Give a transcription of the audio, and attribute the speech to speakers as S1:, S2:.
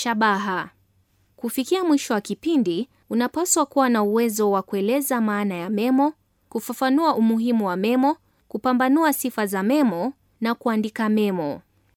S1: Shabaha. Kufikia mwisho wa kipindi, unapaswa kuwa na uwezo wa kueleza maana ya memo, kufafanua umuhimu wa memo, kupambanua sifa za memo na kuandika memo.